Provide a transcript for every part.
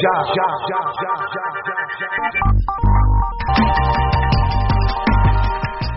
job.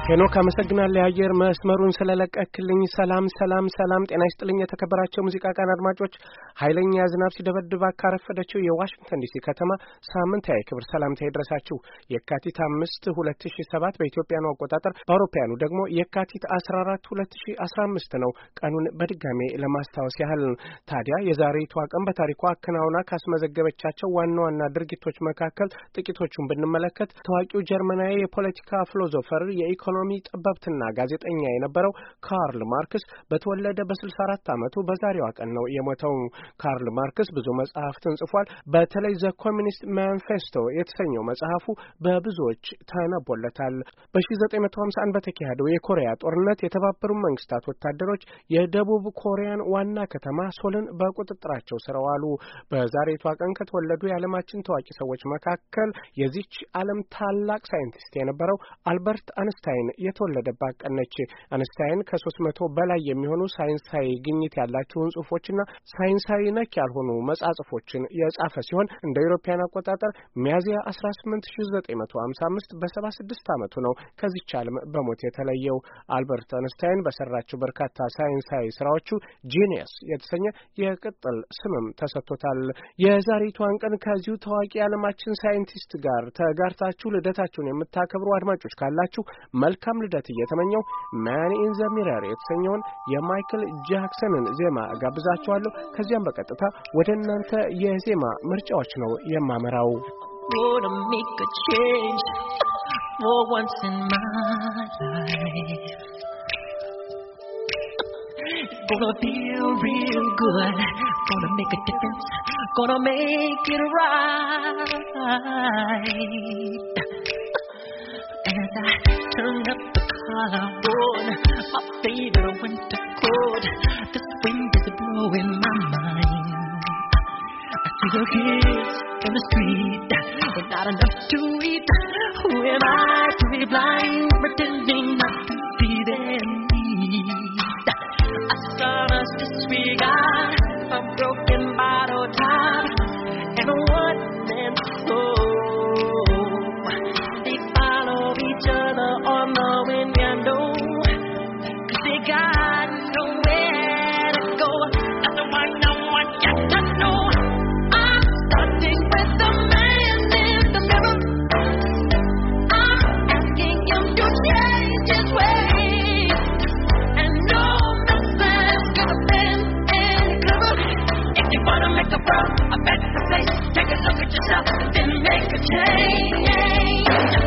ሄኖክ አመሰግናለሁ የአየር መስመሩን ስለለቀክልኝ። ሰላም ሰላም ሰላም፣ ጤና ይስጥልኝ የተከበራቸው ሙዚቃ ቃን አድማጮች። ኃይለኛ ዝናብ ሲደበድባ ካረፈደችው የዋሽንግተን ዲሲ ከተማ ሳምንታዊ ክብር ሰላምታ ይድረሳችሁ። የካቲት አምስት ሁለት ሺ ሰባት በኢትዮጵያኑ አቆጣጠር በአውሮፓያኑ ደግሞ የካቲት አስራ አራት ሁለት ሺ አስራ አምስት ነው። ቀኑን በድጋሜ ለማስታወስ ያህል ታዲያ የዛሬቷ ቀን በታሪኳ አከናውና ካስመዘገበቻቸው ዋና ዋና ድርጊቶች መካከል ጥቂቶቹን ብንመለከት ታዋቂው ጀርመናዊ የፖለቲካ ፊሎዞፈር የኢኮ የኢኮኖሚ ጠበብትና ጋዜጠኛ የነበረው ካርል ማርክስ በተወለደ በ64 ዓመቱ በዛሬዋ ቀን ነው የሞተው። ካርል ማርክስ ብዙ መጽሐፍትን ጽፏል። በተለይ ዘ ኮሚኒስት ማንፌስቶ የተሰኘው መጽሐፉ በብዙዎች ተነቦለታል። በ1951 በተካሄደው የኮሪያ ጦርነት የተባበሩ መንግስታት ወታደሮች የደቡብ ኮሪያን ዋና ከተማ ሶልን በቁጥጥራቸው ስር አዋሉ። በዛሬቷ ቀን ከተወለዱ የዓለማችን ታዋቂ ሰዎች መካከል የዚች ዓለም ታላቅ ሳይንቲስት የነበረው አልበርት አንስታይን አንስታይን የተወለደባት ቀን ነች። አነስታይን ከሶስት መቶ በላይ የሚሆኑ ሳይንሳዊ ግኝት ያላቸውን ጽሁፎችና ሳይንሳዊ ነክ ያልሆኑ መጻጽፎችን የጻፈ ሲሆን እንደ ኢሮፓያን አቆጣጠር ሚያዝያ 18955 በ76 ዓመቱ ነው ከዚች ዓለም በሞት የተለየው። አልበርት አንስታይን በሰራቸው በርካታ ሳይንሳዊ ስራዎቹ ጂኒየስ የተሰኘ የቅጥል ስምም ተሰጥቶታል። የዛሬቷን ቀን ከዚሁ ታዋቂ የዓለማችን ሳይንቲስት ጋር ተጋርታችሁ ልደታችሁን የምታከብሩ አድማጮች ካላችሁ መልካም ልደት እየተመኘው ማን ኢን ዘ ሚረር የተሰኘውን የማይክል ጃክሰንን ዜማ ጋብዛችኋለሁ። ከዚያም በቀጥታ ወደ እናንተ የዜማ ምርጫዎች ነው የማመራው። Gonna feel real good. Gonna make a difference. Gonna make it right. And I. Turn up the collarbone. My favorite winter coat. The wind is blowing my mind. I see your kids in the street, but not enough to eat. Who am I to be blind, pretending not to see them need? I saw us disregard a broken like a pro, a better place. Take a look at yourself and then make a change.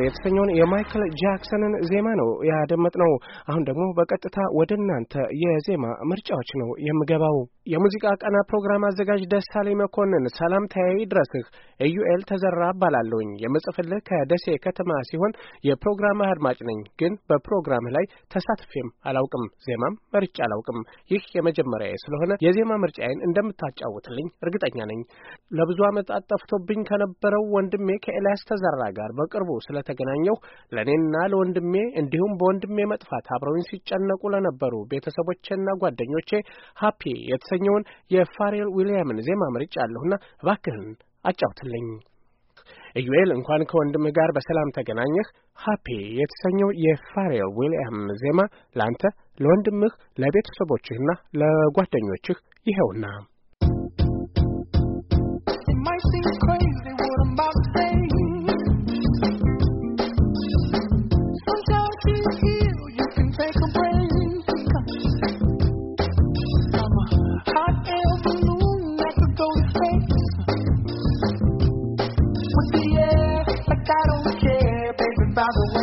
ጊታር የተሰኘውን የማይክል ጃክሰንን ዜማ ነው ያደመጥነው። አሁን ደግሞ በቀጥታ ወደ እናንተ የዜማ ምርጫዎች ነው የምገባው። የሙዚቃ ቀና ፕሮግራም አዘጋጅ ደሳሌ መኮንን ሰላምታዬ ይድረስህ። ኤዩኤል ተዘራ እባላለሁኝ። የምጽፍልህ ከደሴ ከተማ ሲሆን የፕሮግራምህ አድማጭ ነኝ፣ ግን በፕሮግራምህ ላይ ተሳትፌም አላውቅም፣ ዜማም መርጬ አላውቅም። ይህ የመጀመሪያዬ ስለሆነ የዜማ ምርጫዬን እንደምታጫውትልኝ እርግጠኛ ነኝ። ለብዙ ዓመታት ጠፍቶብኝ ከነበረው ወንድሜ ከኤልያስ ተዘራ ጋር በቅርቡ ስለተገናኘሁ ለእኔና ለወንድሜ እንዲሁም በወንድሜ መጥፋት አብረውኝ ሲጨነቁ ለነበሩ ቤተሰቦቼና ጓደኞቼ ሀፒ የተሰ የተሰኘውን የፋሬል ዊልያምን ዜማ መርጫ አለሁና እባክህን አጫውትልኝ። ኢዩኤል እንኳን ከወንድምህ ጋር በሰላም ተገናኘህ። ሃፒ የተሰኘው የፋሬል ዊልያም ዜማ ለአንተ፣ ለወንድምህ፣ ለቤተሰቦችህና ለጓደኞችህ ይኸውና። by the way.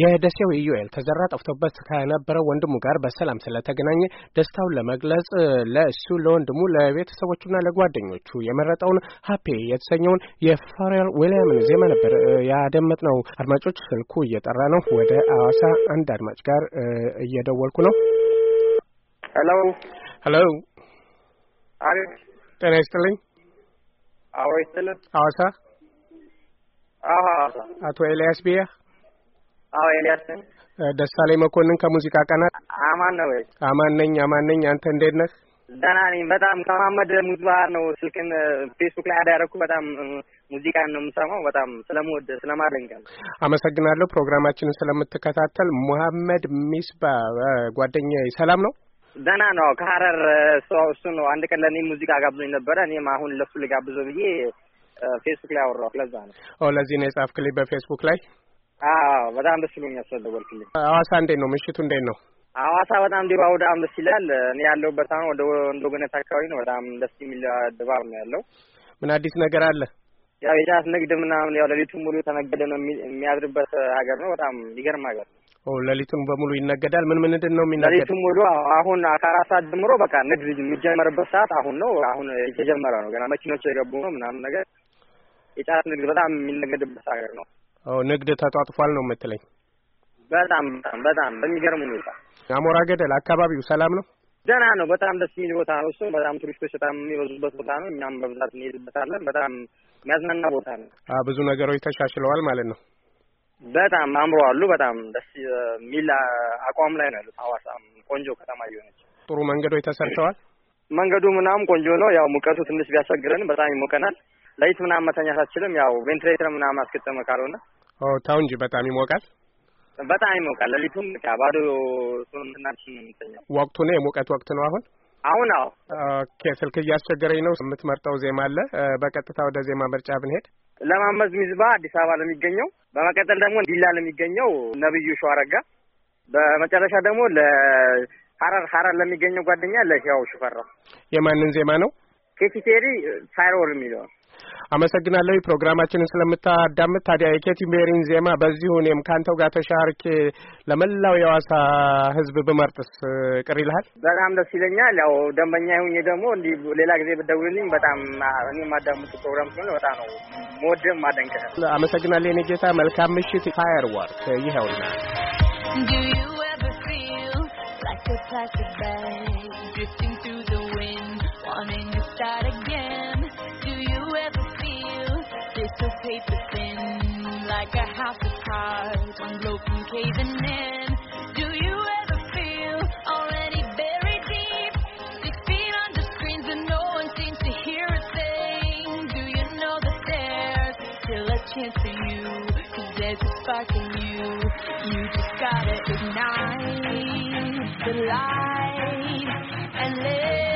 የደሴው ኢዩኤል ተዘራ ጠፍቶበት ከነበረው ወንድሙ ጋር በሰላም ስለተገናኘ ደስታውን ለመግለጽ ለእሱ ለወንድሙ ለቤተሰቦቹና ለጓደኞቹ የመረጠውን ሀፔ የተሰኘውን የፋሬል ዊሊያምን ዜማ ነበር ያደመጥ ነው። አድማጮች ስልኩ እየጠራ ነው። ወደ አዋሳ አንድ አድማጭ ጋር እየደወልኩ ነው። ሄሎ ሄሎ፣ አቤት። ጤና ይስጥልኝ። አዎ ይስጥልኝ። አዋሳ አቶ ኤልያስ ቢያ አዎ ኤልያስ ነኝ። ደሳለኝ መኮንን ከሙዚቃ ቀናት አማን ነው ወይ? አማን ነኝ፣ አማን ነኝ። አንተ እንዴት ነህ? ደህና ነኝ በጣም ከመሀመድ ሙዚቃ ነው ስልክን ፌስቡክ ላይ አዳረኩ። በጣም ሙዚቃን ነው የምሰማው። በጣም ስለምወድ ስለማደንቀም አመሰግናለሁ ፕሮግራማችንን ስለምትከታተል። ሙሀመድ ሚስባ ጓደኛዬ ሰላም ነው? ደህና ነው ከሀረር ሰው እሱ ነው። አንድ ቀን ለእኔ ሙዚቃ ጋብዞኝ ነበረ። እኔም አሁን ለሱ ልጋብዞ ብዬ ፌስቡክ ላይ አወራሁ። ለዛ ነው ለዚህ ነው የጻፍክልኝ በፌስቡክ ላይ አዎ በጣም ደስ ብሎኛል ስለደወልክልኝ። ሐዋሳ እንዴት ነው ምሽቱ? እንዴት ነው ሐዋሳ? በጣም ድባቡ በጣም ደስ ይላል። እኔ ያለሁበት አሁን ወደ ወንዶ ገነት አካባቢ ነው። በጣም ደስ የሚል ድባብ ነው ያለው። ምን አዲስ ነገር አለ? ያው የጫት ንግድ ምናምን ያው ሌሊቱን ሙሉ ተነገደ ነው የሚያድርበት ሀገር ነው። በጣም ይገርም ሀገር ነው። ኦ ሌሊቱን በሙሉ ይነገዳል። ምን ምንድን ነው የሚነገድ? ሌሊቱን ሙሉ አሁን ከአራት ሰዓት ጀምሮ በቃ ንግድ የሚጀመርበት ሰዓት አሁን ነው። አሁን የተጀመረ ነው ገና መኪኖች የገቡ ነው ምናምን ነገር የጫት ንግድ በጣም የሚነገድበት ሀገር ነው። ንግድ ተጧጥፏል ነው የምትለኝ? በጣም በጣም በጣም በሚገርም ሁኔታ። አሞራ ገደል አካባቢው ሰላም ነው? ደህና ነው። በጣም ደስ የሚል ቦታ ነው። እሱም በጣም ቱሪስቶች በጣም የሚበዙበት ቦታ ነው። እኛም በብዛት እንሄድበታለን። በጣም የሚያዝናና ቦታ ነው። ብዙ ነገሮች ተሻሽለዋል ማለት ነው። በጣም አምሮ አሉ። በጣም ደስ የሚል አቋም ላይ ነው ያሉት። ቆንጆ ከተማ እየሆነች ጥሩ መንገዶች ተሰርተዋል። መንገዱ ምናምን ቆንጆ ነው። ያው ሙቀቱ ትንሽ ቢያስቸግረንም በጣም ይሞቀናል። ለይት ምናምን መተኛት አችልም። ያው ቬንትሬተር ምናምን አስገጠመ ካልሆነ ታው እንጂ በጣም ይሞቃል። በጣም ይሞቃል። ሌሊቱን ባዶ እሱን ነው ወቅቱ ነው የሙቀት ወቅት ነው አሁን አሁን አዎ። ኦኬ ስልክ እያስቸገረኝ ነው። የምትመርጠው ዜማ አለ? በቀጥታ ወደ ዜማ ምርጫ ብንሄድ ለማመዝ ሚዝባ አዲስ አበባ ለሚገኘው፣ በመቀጠል ደግሞ ዲላ ለሚገኘው ነብዩ ሸዋረጋ፣ በመጨረሻ ደግሞ ለሀረር ሀረር ለሚገኘው ጓደኛ ለሻው ሽፈራ። የማንን ዜማ ነው? ኬቲ ፔሪ ፋይር አመሰግናለሁ። ፕሮግራማችንን ስለምታዳምጥ ታዲያ የኬቲ ቤሪን ዜማ በዚሁ እኔም ከአንተው ጋር ተሻርኬ ለመላው የዋሳ ህዝብ ብመርጥስ ቅር ይልሃል? በጣም ደስ ይለኛል። ያው ደንበኛ ይሁኝ ደግሞ እንዲህ ሌላ ጊዜ ብደውልልኝ በጣም እኔ የማዳምጡ ፕሮግራም ስለሆነ በጣም ነው መወድም ማደንቅህ። አመሰግናለሁ የኔ ጌታ። መልካም ምሽት። ፋየር ወርክ ይኸውና Do you ever feel like a plastic bag? of paper thin, like a house of cards, one blow from caving in. Do you ever feel already buried deep? Six feet under screens and no one seems to hear a thing. Do you know that there's still a chance for you? Cause there's a spark in you. You just gotta ignite the light and live.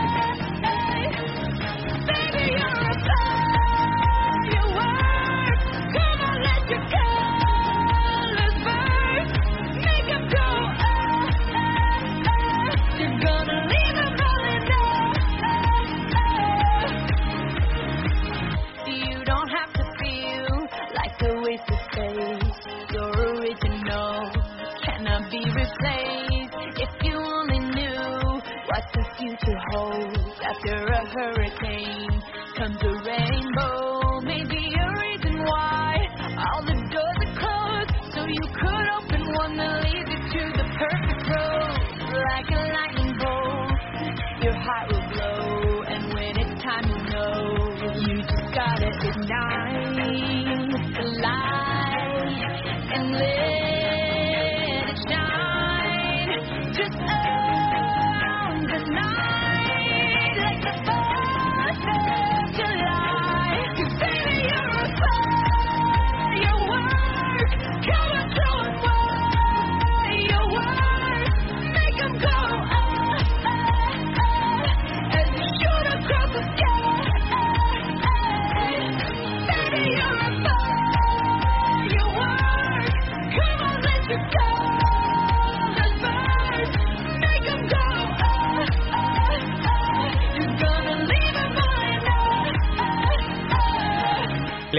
hurry.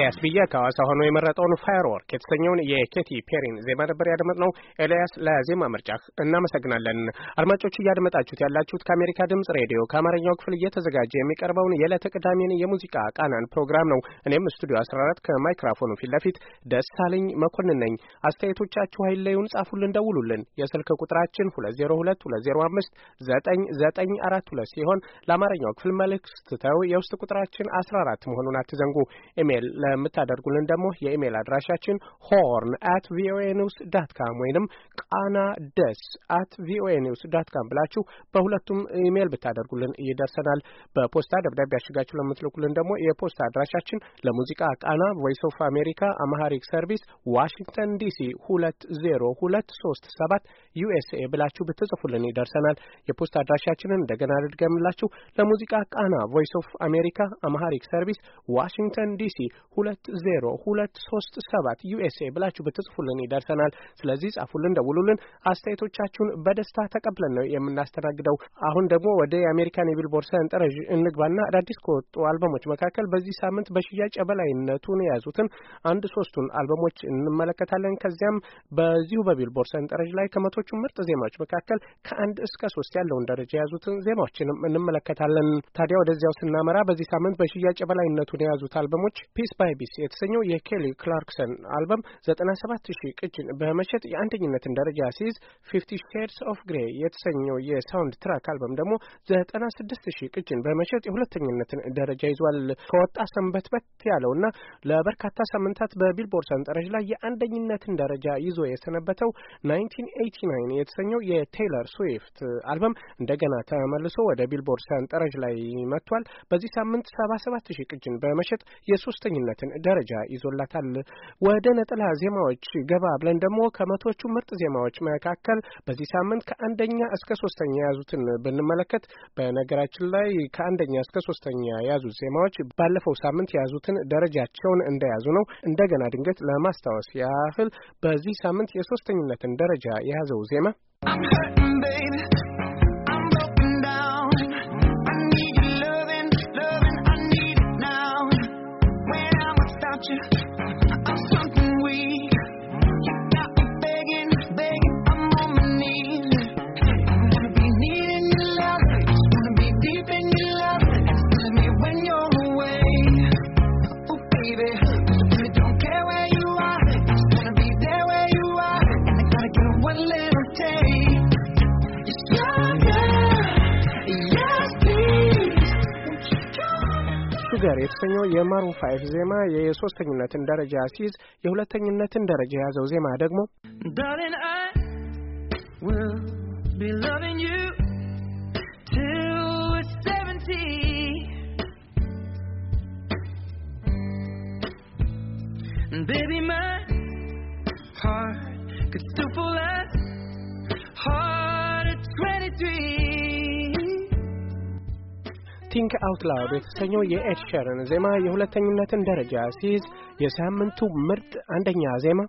ኤልያስ ብዬ ከሐዋሳ ሆኖ የመረጠውን ፋየር ወርክ የተሰኘውን የኬቲ ፔሪን ዜማ ነበር ያደመጥነው። ኤልያስ ለዜማ ምርጫ እናመሰግናለን። አድማጮች እያደመጣችሁት ያላችሁት ከአሜሪካ ድምጽ ሬዲዮ ከአማርኛው ክፍል እየተዘጋጀ የሚቀርበውን የዕለተ ቅዳሜን የሙዚቃ ቃናን ፕሮግራም ነው። እኔም ስቱዲዮ 14 ከማይክራፎኑ ፊት ለፊት ደሳለኝ መኮንን ነኝ። አስተያየቶቻችሁ ኃይለዩን ጻፉልን፣ ደውሉልን። የስልክ ቁጥራችን 2022059942 ሲሆን ለአማርኛው ክፍል መልእክት ስትተው የውስጥ ቁጥራችን 14 መሆኑን አትዘንጉ። ኢሜይል የምታደርጉልን ደግሞ የኢሜይል አድራሻችን ሆርን አት ቪኦኤ ኒውስ ዳት ካም ወይንም ቃና ደስ አት ቪኦኤ ኒውስ ዳት ካም ብላችሁ በሁለቱም ኢሜይል ብታደርጉልን ይደርሰናል። በፖስታ ደብዳቤ አሽጋችሁ ለምትልኩልን ደግሞ የፖስታ አድራሻችን ለሙዚቃ ቃና ቮይስ ኦፍ አሜሪካ አማሃሪክ ሰርቪስ ዋሽንግተን ዲሲ ሁለት ዜሮ ሁለት ሶስት ሰባት ዩኤስኤ ብላችሁ ብትጽፉልን ይደርሰናል። የፖስት አድራሻችንን እንደገና ልድገምላችሁ። ለሙዚቃ ቃና ቮይስ ኦፍ አሜሪካ አማሃሪክ ሰርቪስ ዋሽንግተን ዲሲ ሁለት ዜሮ ሁለት ሶስት ሰባት ዩኤስኤ ብላችሁ ብትጽፉልን ይደርሰናል። ስለዚህ ጻፉልን፣ ደውሉልን። አስተያየቶቻችሁን በደስታ ተቀብለን ነው የምናስተናግደው። አሁን ደግሞ ወደ የአሜሪካን የቢልቦርድ ሰንጠረዥ እንግባና አዳዲስ ከወጡ አልበሞች መካከል በዚህ ሳምንት በሽያጭ የበላይነቱን የያዙትን አንድ ሶስቱን አልበሞች እንመለከታለን። ከዚያም በዚሁ በቢልቦርድ ሰንጠረዥ ላይ ከመቶቹ ምርጥ ዜማዎች መካከል ከአንድ እስከ ሶስት ያለውን ደረጃ የያዙትን ዜማዎችንም እንመለከታለን። ታዲያ ወደዚያው ስናመራ በዚህ ሳምንት በሽያጭ የበላይነቱን የያዙት አልበሞች ፒስ ባይ ኤስአይቢሲ የተሰኘው የኬሊ ክላርክሰን አልበም 97 ሺህ ቅጅን በመሸጥ የአንደኝነትን ደረጃ ሲይዝ፣ ፊፍቲ ሼድስ ኦፍ ግሬ የተሰኘው የሳውንድ ትራክ አልበም ደግሞ 96 ሺህ ቅጅን በመሸጥ የሁለተኝነትን ደረጃ ይዟል። ከወጣ ሰንበትበት ያለውና ለበርካታ ሳምንታት በቢልቦርድ ሰንጠረዥ ላይ የአንደኝነትን ደረጃ ይዞ የሰነበተው 1989 የተሰኘው የቴይለር ስዊፍት አልበም እንደገና ተመልሶ ወደ ቢልቦርድ ሰንጠረዥ ላይ መጥቷል። በዚህ ሳምንት 77 ሺህ ቅጅን በመሸጥ የሶስተኝነት ያለችበትን ደረጃ ይዞላታል። ወደ ነጠላ ዜማዎች ገባ ብለን ደግሞ ከመቶቹ ምርጥ ዜማዎች መካከል በዚህ ሳምንት ከአንደኛ እስከ ሶስተኛ የያዙትን ብንመለከት በነገራችን ላይ ከአንደኛ እስከ ሶስተኛ የያዙት ዜማዎች ባለፈው ሳምንት የያዙትን ደረጃቸውን እንደያዙ ነው። እንደገና ድንገት ለማስታወስ ያህል በዚህ ሳምንት የሶስተኝነትን ደረጃ የያዘው ዜማ you. ሹገር የተሰኘው የማሩን ፋይቭ ዜማ የሶስተኝነትን ደረጃ ሲይዝ የሁለተኝነትን ደረጃ የያዘው ዜማ ደግሞ Baby, my heart could still fall as hard at 23. ቲንክ አውት ላውድ የተሰኘው የኤድ ሸረን ዜማ የሁለተኝነትን ደረጃ ሲይዝ የሳምንቱ ምርጥ አንደኛ ዜማ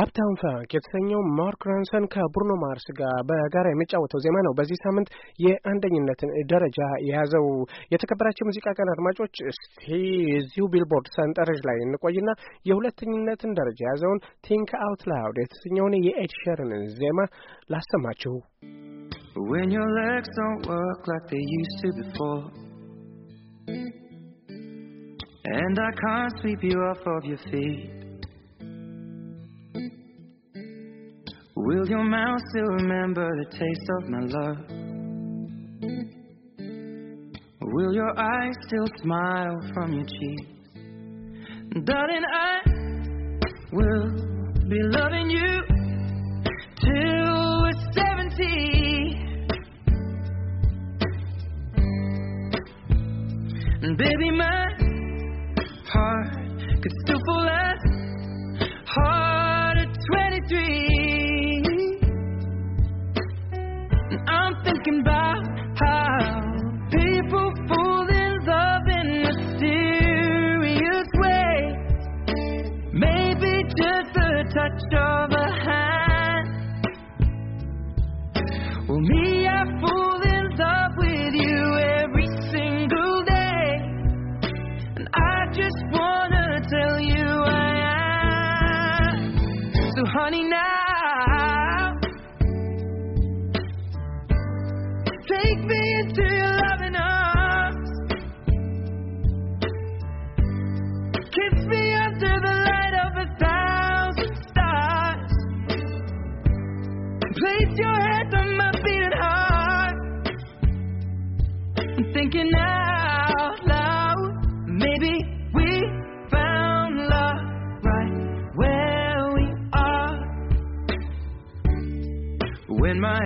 አፕታውን ፋንክ የተሰኘው ማርክ ራንሰን ከቡርኖ ማርስ ጋር በጋራ የሚጫወተው ዜማ ነው በዚህ ሳምንት የአንደኝነትን ደረጃ የያዘው። የተከበራቸው ሙዚቃ ቀን አድማጮች፣ እስቲ እዚሁ ቢልቦርድ ሰንጠረዥ ላይ እንቆይና የሁለተኝነትን ደረጃ የያዘውን ቲንክ አውት ላውድ የተሰኘውን የኤድ ሼረንን ዜማ ላሰማችሁ። When your legs don't work like they used to before, and I can't sweep you off of your feet. Will your mouth still remember the taste of my love? Will your eyes still smile from your cheeks? Darling, I will be loving you till we're 70. And baby, my heart could still fall as hard at 23. I'm thinking about how people fall in love in mysterious ways. Maybe just a touch of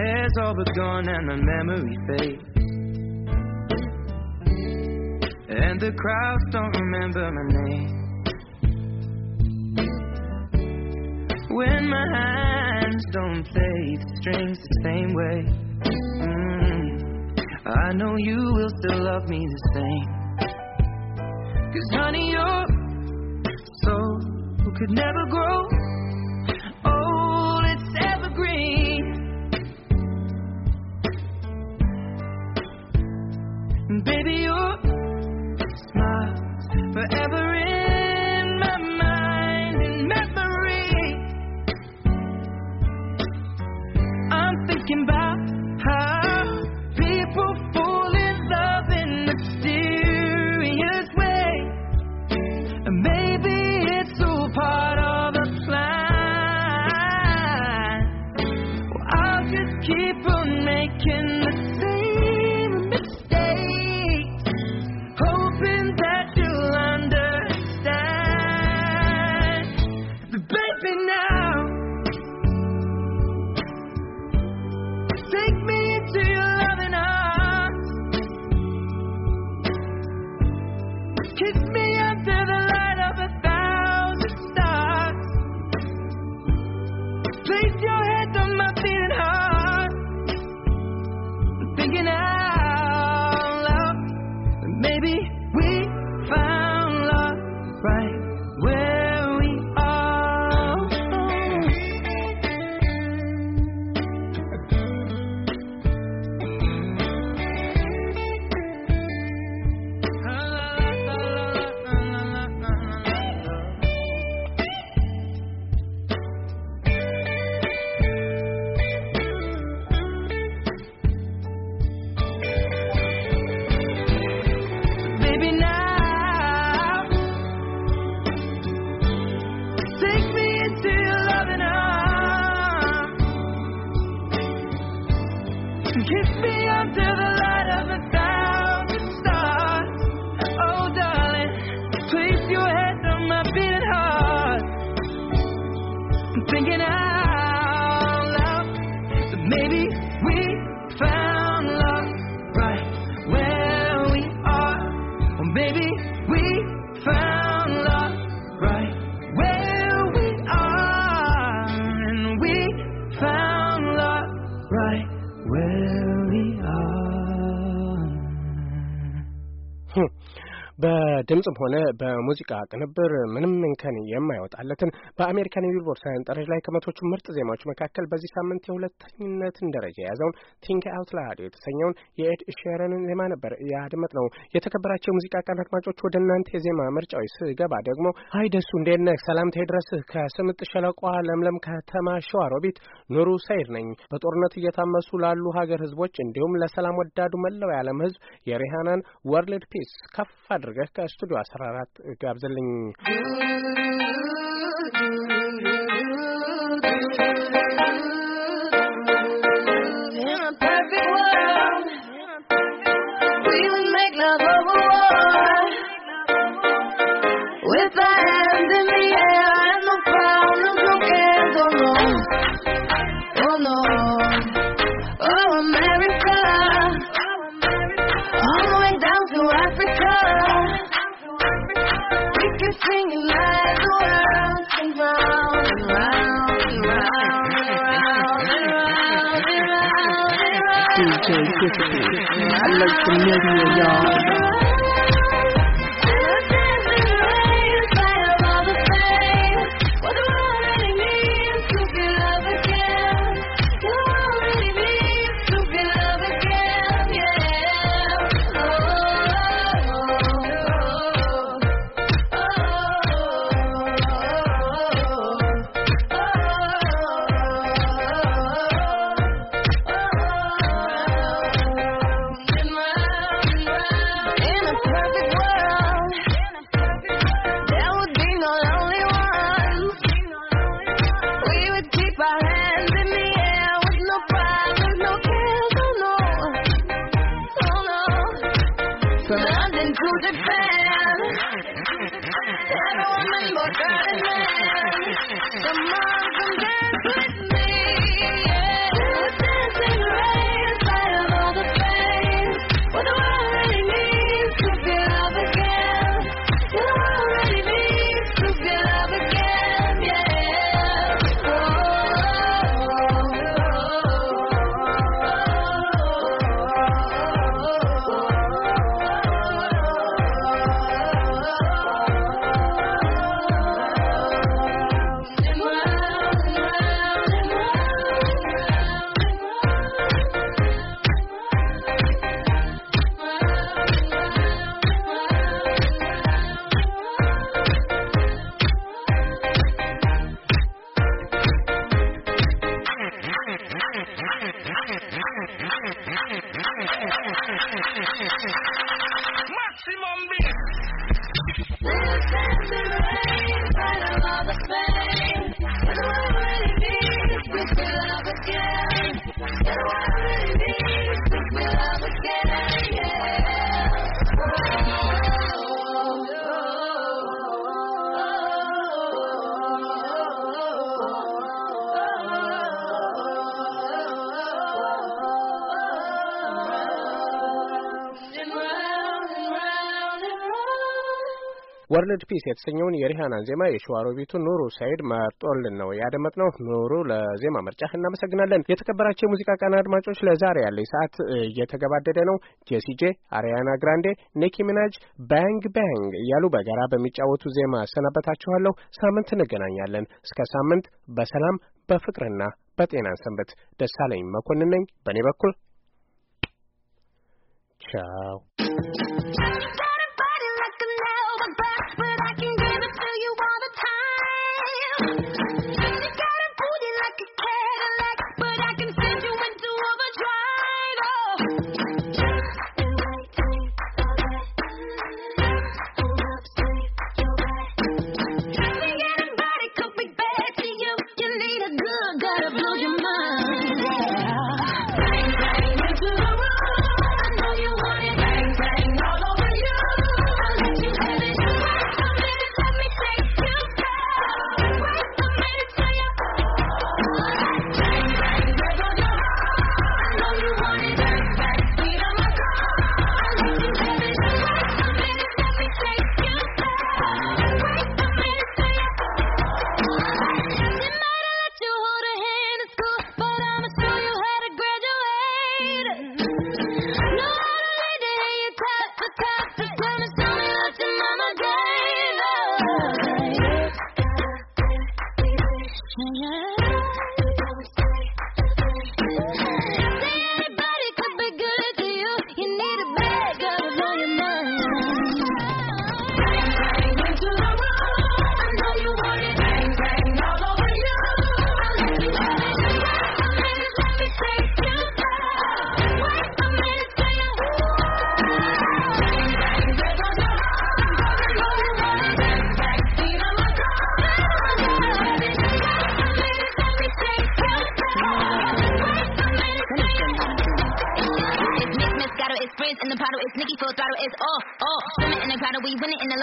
hair's all but gone and the memory fades. And the crowds don't remember my name. When my hands don't play the strings the same way, mm, I know you will still love me the same. Cause honey, your soul could never grow. baby, your forever in my mind and memory. I'm thinking about how people fall in love in mysterious ways. maybe it's all part of the plan. I'll just keep on making the በድምፅም ሆነ በሙዚቃ ቅንብር ምንም እንከን የማይወጣለትን በአሜሪካን የቢልቦርድ ሰንጠረዥ ላይ ከመቶቹ ምርጥ ዜማዎች መካከል በዚህ ሳምንት የሁለተኝነትን ደረጃ የያዘውን ቲንክ አውት ላድ የተሰኘውን የኤድ ሼረንን ዜማ ነበር ያድመጥ ነው። የተከበራቸው የሙዚቃ ቀን አድማጮች፣ ወደ እናንተ የዜማ ምርጫዊ ስገባ ደግሞ ሀይ ደሱ እንዴት ነህ? ሰላምታ ይድረስህ ከስምጥ ሸለቋ ለምለም ከተማ ሸዋሮቢት ኑሩ ሰይድ ነኝ። በጦርነት እየታመሱ ላሉ ሀገር ህዝቦች እንዲሁም ለሰላም ወዳዱ መላው የዓለም ህዝብ የሪሃናን ወርልድ ፒስ ከፍ አድርገህ ከስቱዲዮ አስራ አራት ጋብዘልኝ DJ Gifford. I like the media, y'all. ወርልድ ፒስ የተሰኘውን የሪሃናን ዜማ የሸዋሮቢቱ ኑሩ ሳይድ መርጦልን ነው ያደመጥነው። ኑሩ፣ ለዜማ ምርጫህ እናመሰግናለን። የተከበራቸው የሙዚቃ ቀን አድማጮች፣ ለዛሬ ያለኝ ሰዓት እየተገባደደ ነው። ጄሲጄ፣ አሪያና ግራንዴ፣ ኒኪ ሚናጅ ባንግ ባንግ እያሉ በጋራ በሚጫወቱ ዜማ ሰናበታችኋለሁ። ሳምንት እንገናኛለን። እስከ ሳምንት በሰላም በፍቅርና በጤና ሰንበት። ደሳለኝ መኮንን ነኝ። በእኔ በኩል ቻው።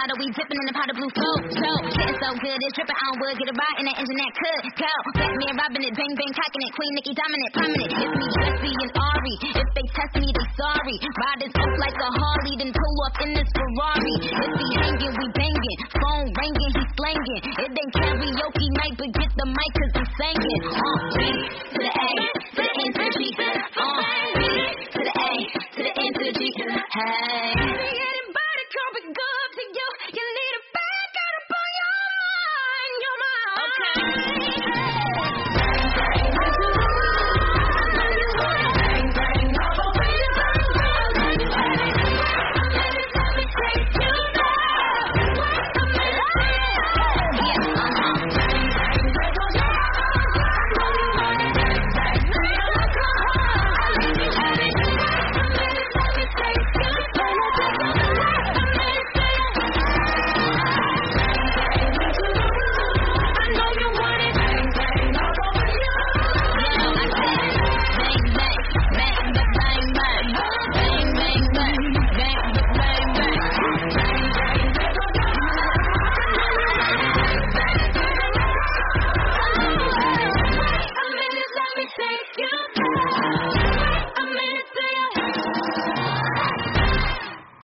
bottle, we dipping in the pot of blue food. So, getting so good, it's dripping on wood. Get a ride in the engine that could go. Batman robbing it, bang bang cocking it. Queen Nikki dominant, prominent. It's me, Jesse, and Ari. If they test me, they sorry. Ride this up like a Harley, then pull up in this Ferrari. If he hanging, we banging. Phone ringing, he slanging. It ain't karaoke night, but get the mic cause I'm singing. Uh, B to the A, to the N to the G. Uh, B to the A, to the N to the G. Hey.